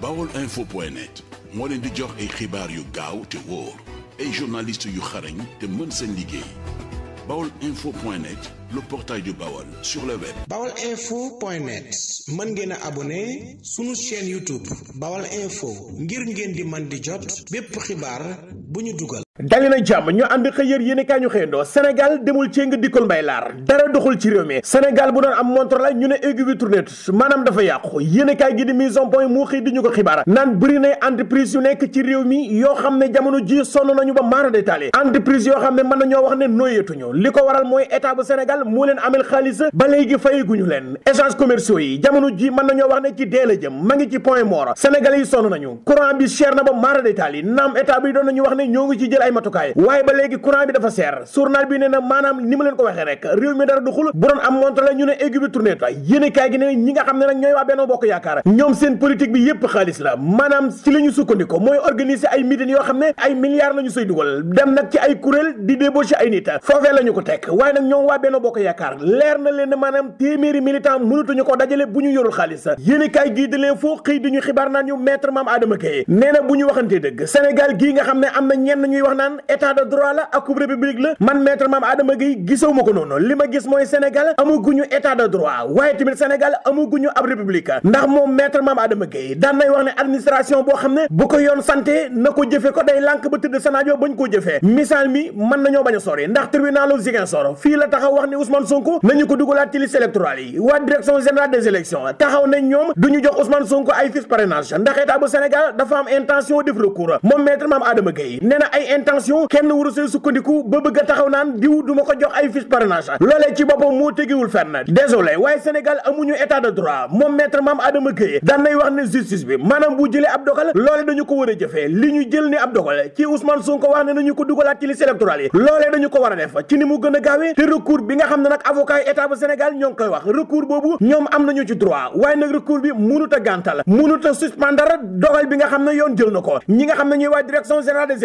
bawol info point net moo leen di jox ay xibaar yu gaaw te wóor ay journalistes yu xarañ te mën seen liggéey bawol info point net le portail du Baol sur le web. Baol info point net mën ngeen a abonné sunu chaîne YouTube Baol info ngir ngeen di man di jot bépp xibaar. bu ñu dugal dali na jàmm ñu ànd xëy yér yéen kaay ñu xëyandoo Sénégal demul cee nga dikkal mbay laar dara doxul ci réew mi Sénégal bu doon am montre la ñu ne aiguille bi tourné maanaam dafa yàqu yéen kaay gi di mise en point moo xëy di ñu ko xibaar naan bëri na entreprise yu nekk ci réew mi yoo xam ne jamono ji sonn nañu ba maara détaali entreprise yoo xam ne mën nañoo wax ne nooyeetuñu li ko waral mooy état Sénégal moo leen amel xaalis ba léegi fayeguñu leen échanges commerciaux yi jamono ji mën nañoo wax ne ci dee la jëm ma ngi ci point mort Sénégal na ba maara détaali naam état bi doon nañu ne ñoo ngi ci jël ay matukaay waaye ba léegi courant bi dafa seer journal bi nee na maanaam ni ma leen ko waxee rek réew mi dara du xul bu doon am montre la ñu ne aigu bi tourné ta yéene kaay gi ne ñi nga xam ne nag ñooy waa Benno Bokk Yaakaar ñoom seen politique bi yépp xaalis la maanaam ci la ñu sukkandiko mooy organiser ay meeting yoo na leen ne maanaam téeméeri militant mënutuñu ko dajale xëy di ñu xibaar naan ñu maître Mame Adama Gueye nee na bu ñu waxantee dëgg Sénégal gii nga xam ne am am na ñenn ñuy wax naan état de droit la ak république la man maître Mame Adama Guèye gisaw ma ko noonu li ma gis mooy Sénégal amuguñu état de droit waaye tamit Sénégal amuguñu ab république ndax moom metre Mame Adama Guèye daan nay wax ne administration boo xam ne bu ko yoon santé na ko jëfe ko day lànk ba tëdd sanaajo bañ ko jëfee misaal mi mën nañoo bañ a sori ndax tribunalu Ziguinchor fii la taxaw wax ne Ousmane Sonko nañu ko dugalaat ci liste électorale yi waa direction générale des élections taxaw nañ ñoom duñu jox Ousmane Sonko ay fiche parrainage ndax état bu Sénégal dafa am intention def recours moom maître yi nee na ay intention kenn waru see sukkandiku ba bëgg a taxaw naan diw du ko jox ay fiche parrainage loolee ci boppam moo tegiwul fenn désolé waaye Sénégal amuñu état de droit moom maître Mame Adama Gueye daan nay wax ne justice bi maanaam bu jëlee ab dogal loole dañu ko war a jëfee li ñu jël ni ab dogal ci Ousmane Sonko wax ne nañu ko dugalaat ci liste yi loolee dañu ko war a def ci ni mu gën a gaawee te recours bi nga xam ne nag avocat a gàntal mënut a suspendre dogal bi nga xam ne yoon jël na ko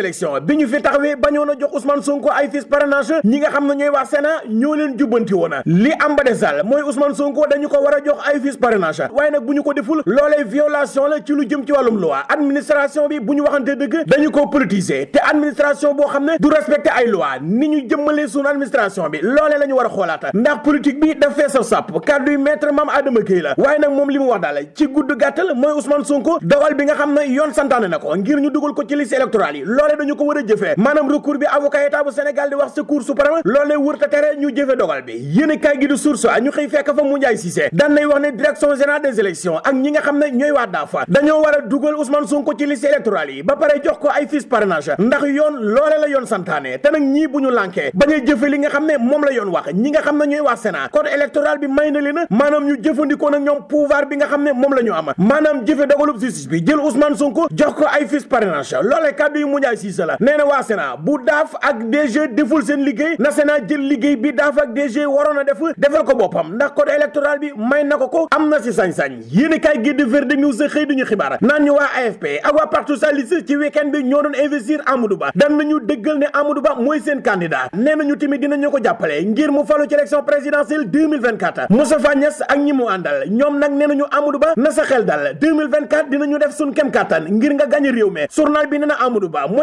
élection bi ñu fi taxawee bañoon a jox Ousmane Sonko ay fiches parrainage ñi nga xam ne ñooy waa Sénat ñoo leen jubbanti woon li am ba des daal mooy Ousmane Sonko dañu ko war a jox ay fiches parrainage waaye nag bu ñu ko deful loolee violation la ci lu jëm ci wàllum loi administration bi bu ñu waxante dëgg dañu ko politiser te administration boo xam ne du respecté ay loi ni ñu jëmmalee suñu administration bi loolee la ñu war a xoolaata ndax politique bi daf fee sa sàpp kàddu yi maître Mame Adama Gueye moom li mu wax daal ci gudd gàttal mooy Ousmane Sonko dawal bi nga xam ne yoon santaane na ko ngir ñu dugal ko ci liste électorale yi tere dañu ko war a jëfee maanaam recours bi avocat état bu Sénégal di wax sa cour suprême loolee wër ta tere ñu jëfe dogal di source fekk fa mu njaay Cissé daan nay ne direction générale ak ñi nga xam ne ñooy waa daafa dañoo war a dugal Ousmane Sonko ci liste électorale yi ba pare jox ko ay fiches parrainage ndax yoon loole la yoon santaane te nag ñii bu ñu lànkee bañ a li nga xam ne moom la yoon wax ñi nga xam ne ñooy waa Sénat code électoral bi may na leen maanaam ñu jëfandikoo nag ñoom pouvoir bi xam ne moom la ñu am maanaam jëfe dogalub justice bi jël Ousmane Sonko jox ko ay fiches parrainage loolee kàddu yi mu Cissé la nee na waa Sénat bu daaf ak DG deful seen liggéey na Sénat jël liggéey bi daaf ak DG waroon a def defal ko boppam ndax code électoral bi may na ko ko am na si sañ-sañ yéen i kaay gi de Verde xëy duñu xibaar naan ñu waa AFP ak waa parti socialiste ci week-end bi ñoo doon investir Amadou Ba dan nañu dëggal ne Amadou Ba mooy seen candidat nee nañu tamit dinañu ko jàppale ngir mu falu ci élection présidentielle 2024 Moustapha Niass ak ñi mu àndal ñoom nag nee nañu Amadou Ba na sa xel dal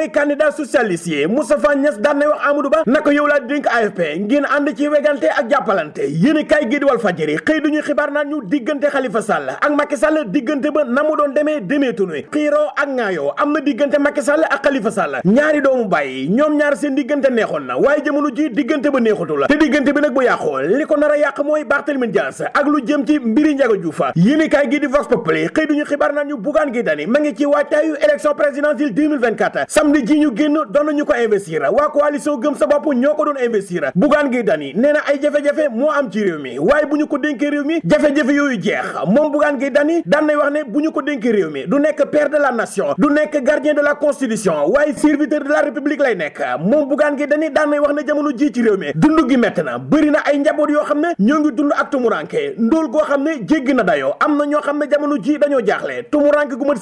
na candidat socialiste yi Moustapha Niass daan nay wax Amadou Ba naka yow laa dénk AFP ngeen ànd ci wegante ak jàppalante yéen kay gi di Walf Fadjri xëy duñu xibaar naan ñu diggante xalifa Sall ak Macky Sall diggante ba na mu doon demee demeetunu xiiroo ak ŋaayoo am na diggante Macky Sall ak Khalifa Sall ñaari doomu bàyyi ñoom ñaar seen diggante neexoon na waaye jamono ji diggante ba neexutu la te diggante bi nag bu yàqoo li ko nar a mooy Barthélémy Dias ak lu jëm ci mbiri Ndiaga Diouf yéen kay gi di Vox ñu Bougane Gueye ngi ci waajtaayu élection jamono ji ñu génn doon nañu ko investir waa coalition gëm sa bopp ñoo ko doon investir bugaan ngi dani nee ay jafe-jafe moo am ci réew mi waaye bu ñu ko dénkee réew mi jafe-jafe yooyu jeex moom bugaan ngi dani daan wax ne bu ñu ko dénkee réew mi du nekk père de la nation du nekk gardien de la constitution waaye serviteur de la république lay nekk moom bugaan ngi dani daan wax ne jamono ji ci réew mi dund gi metti na bëri na ay njaboot yoo xam ñoo ngi dund ak tumuranke ndóol goo xam ne na ñoo xam ne jamono ji dañoo jaaxle tumuranke gu mat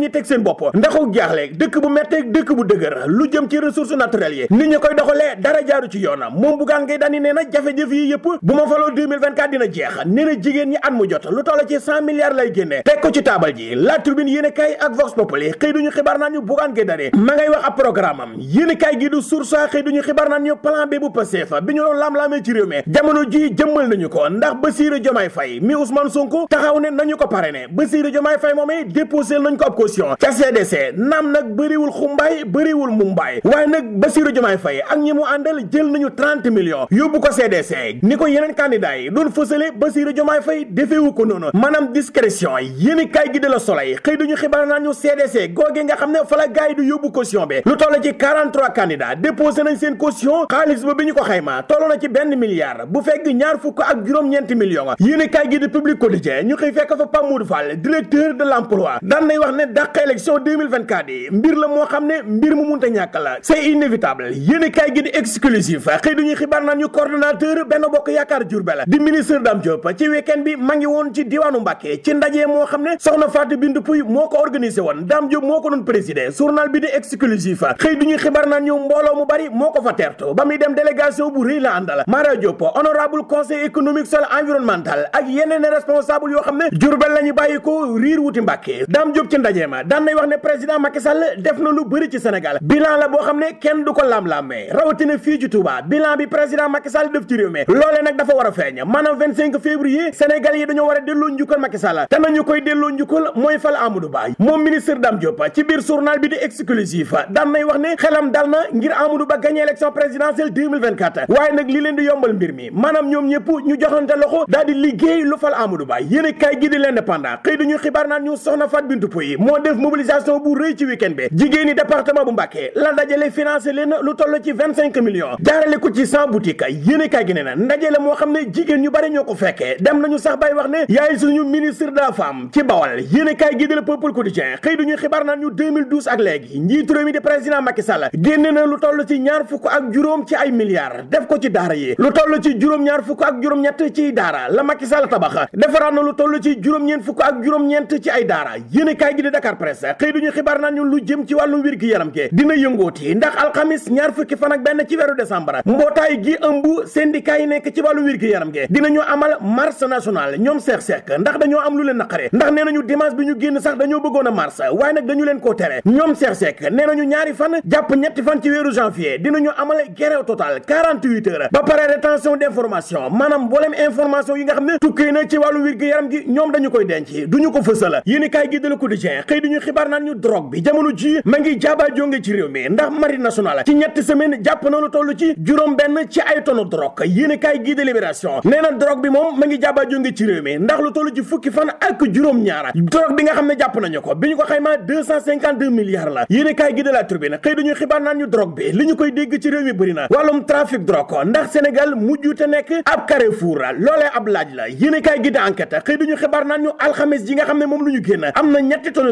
ñi teg seen bopp ndaxu jaaxle dëkk bu méttee dëkk bu dëgër lu jëm ci ressources naturelles yi nit ñi koy doxalee dara jaaru ci yoonam moom Bougane Gueye Dany nee na jafe-jafe yi yëpp bu ma faloo 2024 dina jeex nee na jigéen ñi at mu jot lu toll ci 100 milliards lay génnee teg ko ci taabal ji La Tribune yéene ak Vox Populi xëy duñu xibaar naan ñu Bougane Gueye Dany ma ngay wax ab programme am yéene kaay gi du source xibaar naan ñu plan B bu Pastef bi ñu doon laam-laamee ji jëmmal ko ndax Bassirou Diomaye Faye mi Ousmane Sonko taxaw ne ko parrainé Bassirou Diomaye Faye moom déposé caution ca CDC naam nag bëriwul xumbaay bëriwul mumbaay waaye nag Bassirou Diomaye Faye ak ñi mu àndal jël nañu trente millions yóbbu ko CDC ni ko yeneen candidat yi doon fësale Bassirou Diomaye Faye defeewu ko noonu maanaam discrétion yéen kaay gi de la Soleil xëy duñu xibaar naan ñu CDC googe nga xam ne fa la gaay du yóbbu caution bi lu toll ci 43 candidats déposé nañ seen caution xaalis ba bi ñu ko xayma toll na ci benn milliard bu fekk ñaar fukk ak juróom-ñeenti millions yéen kaay gi di Public Quotidien ñu xëy fekk fa Pape de l'emploi daan dàq élection 2024 yi mbir la moo xam ne mbir mu munta ñàkk la c'est inévitable yéen kaay gi di exclusif xëy duñuy xibaar naan ñu coordonnateur benn bokk yaakaar Diourbel di ministre Dame Diop ci week bi ma ngi woon ci diwaanu Mbàkke ci ndaje moo xam ne soxna Fatou Bintou Pouye moo ko organisé woon Dame Diop moo ko doon présider journal bi di exclusif xëy duñuy xibaar naan ñu mbooloo mu bari moo ko fa teertu ba muy dem délégation bu rëy la àndal Mara Diop honorable conseil économique social environnemental ak yeneen responsable yoo xam ne Diourbel la ñu bàyyi ko riir wuti Mbàkke Dame Diop ndaje Ndiéma daan nay wax ne président Macky def na lu bëri ci Sénégal bilan la boo xam ne kenn du ko lam-lammee rawatina fii ci Touba bilan bi président Macky def ci réew mi nag dafa war a feeñ maanaam 25 février yi dañoo war a delloo njukkal Macky te nañu koy delloo njukkal mooy fal Amadou Ba moom ministre Dame Diop ci biir journal bi di exclusif daan nay wax ne xelam dal na ngir Amadou Ba gagné élection présidentielle 2024 waaye nag li leen moo def mobilisation bu rëy ci week-end bi jigéen ñi département bu Mbacké la dajale financé leen lu toll ci vingt cinq millions jaarale ko ci cent boutiques yéen kaay gi ne ndaje la moo xam ne jigéen ñu bari ñoo ko fekkee dem nañu sax bay wax ne yaay suñu ministre de la femme ci Bawol yéen kaay gi de la peuple quotidien xëy duñu xibaar naan ñu 2012 ak léegi njiitu réew mi di président Macky Sall génne na lu toll ci ñaar fukk ak juróom ci ay milliards def ko ci daara yi lu toll ci juróom-ñaar fukk ak juróom-ñett ci daara la Macky Sall tabax defaraat na lu toll ci juróom-ñeent fukk ak juróom-ñeent ci ay daara Dakar Presse xëy duñu xibaar naan ñun lu jëm ci wàllum wér yaram ke dina yëngooti ndax alxamis ñaar fukki fan ak benn ci weeru décembre mbootaay gi ëmb syndicat yi nekk ci wàllum wér yaram ke dinañu ñu génn sax dañoo bëggoon a marche waaye nag dañu leen koo tere ñoom seex seek nee nañu ñaari fan ba pare rétention d'information maanaam mboolem information yi nga xam ne tukkee na ci wàllu wér yaram gi ñoom dañu koy denc duñu ko fësal yéen kaay gi de Le Quotidien xëy di ñu xibaar naan ñu drogue bi jamono ji ma ngi jaabaa jonge ci réew mi ndax marine nationale ci ñetti semaine jàpp na lu toll ci juróom benn ci ay tonu drogue yéen gii de libération nee na drogue bi moom ma ngi jaabaa jonge ci réew mi ndax lu toll ci fukki fan ak xam ne jàpp nañu ko bi ñu ko xaymaa deux cent cinquante deux milliards la yéen kaay gii de la tribune xëy di ñu xibaar naan ñu drogue bi li ñu koy dégg ci réew mi bëri na wàllum trafic drogue ndax Sénégal mujjute nekk ab carrefour loolee ab laaj la yéen gii de enquête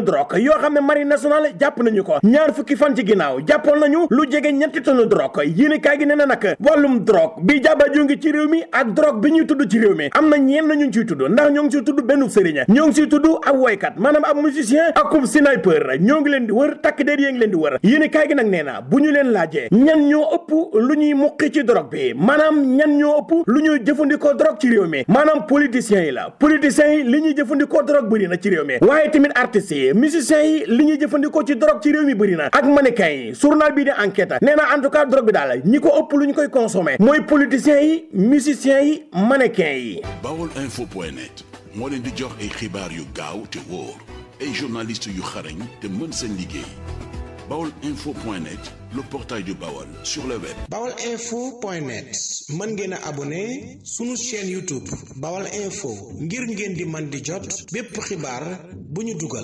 drogue yoo xam ne marine nationale jàpp nañu ko ñaar fukki fan ci ginnaaw jàppoon nañu lu jege ñetti tonne drogue yéenekaay gi nee na nag wàllum drogue bi jaba ju ngi ci réew mi ak drogue bi ñuy tudd ci réew mi am na ñeen ñu ngi ciy tudd ñoo ngi ciy tudd benn sëriñ ñoo ngi ciy tudd ab woykat maanaam ab musicien akum sniper ñoo ngi leen di wër takk déer yee ngi leen di wër yéenekaay gi nag nee na bu ñu leen laajee ñan ñoo ëpp lu ñuy muqi ci drogue bi maanaam ñan ñoo ëpp lu ñuy jëfandikoo drogue ci réew mi maanaam politiciens yi la politiciens yi li ñuy jëfandikoo drogue bëri na ci réew mi waaye tamit artistes yi musiciens yi li ñuy jëfandikoo ci drogue ci réew mi bëri na ak mannequin yi journal bii di enquête nee na en tout cas drogue bi daal ñi ko ëpp lu ñu koy consommé mooy politiciens yi musiciens yi mannequin yi. Bawol info point net moo leen di jox ay xibaar yu gaaw te wóor ay journaliste yu xarañ te mën seen liggéey. baolinfo.net le portail du Baol sur le web. baolinfo.net mën ngeen a abonné sunu chaîne YouTube Baol Info ngir ngeen di man di jot bépp xibaar bu ñu dugal.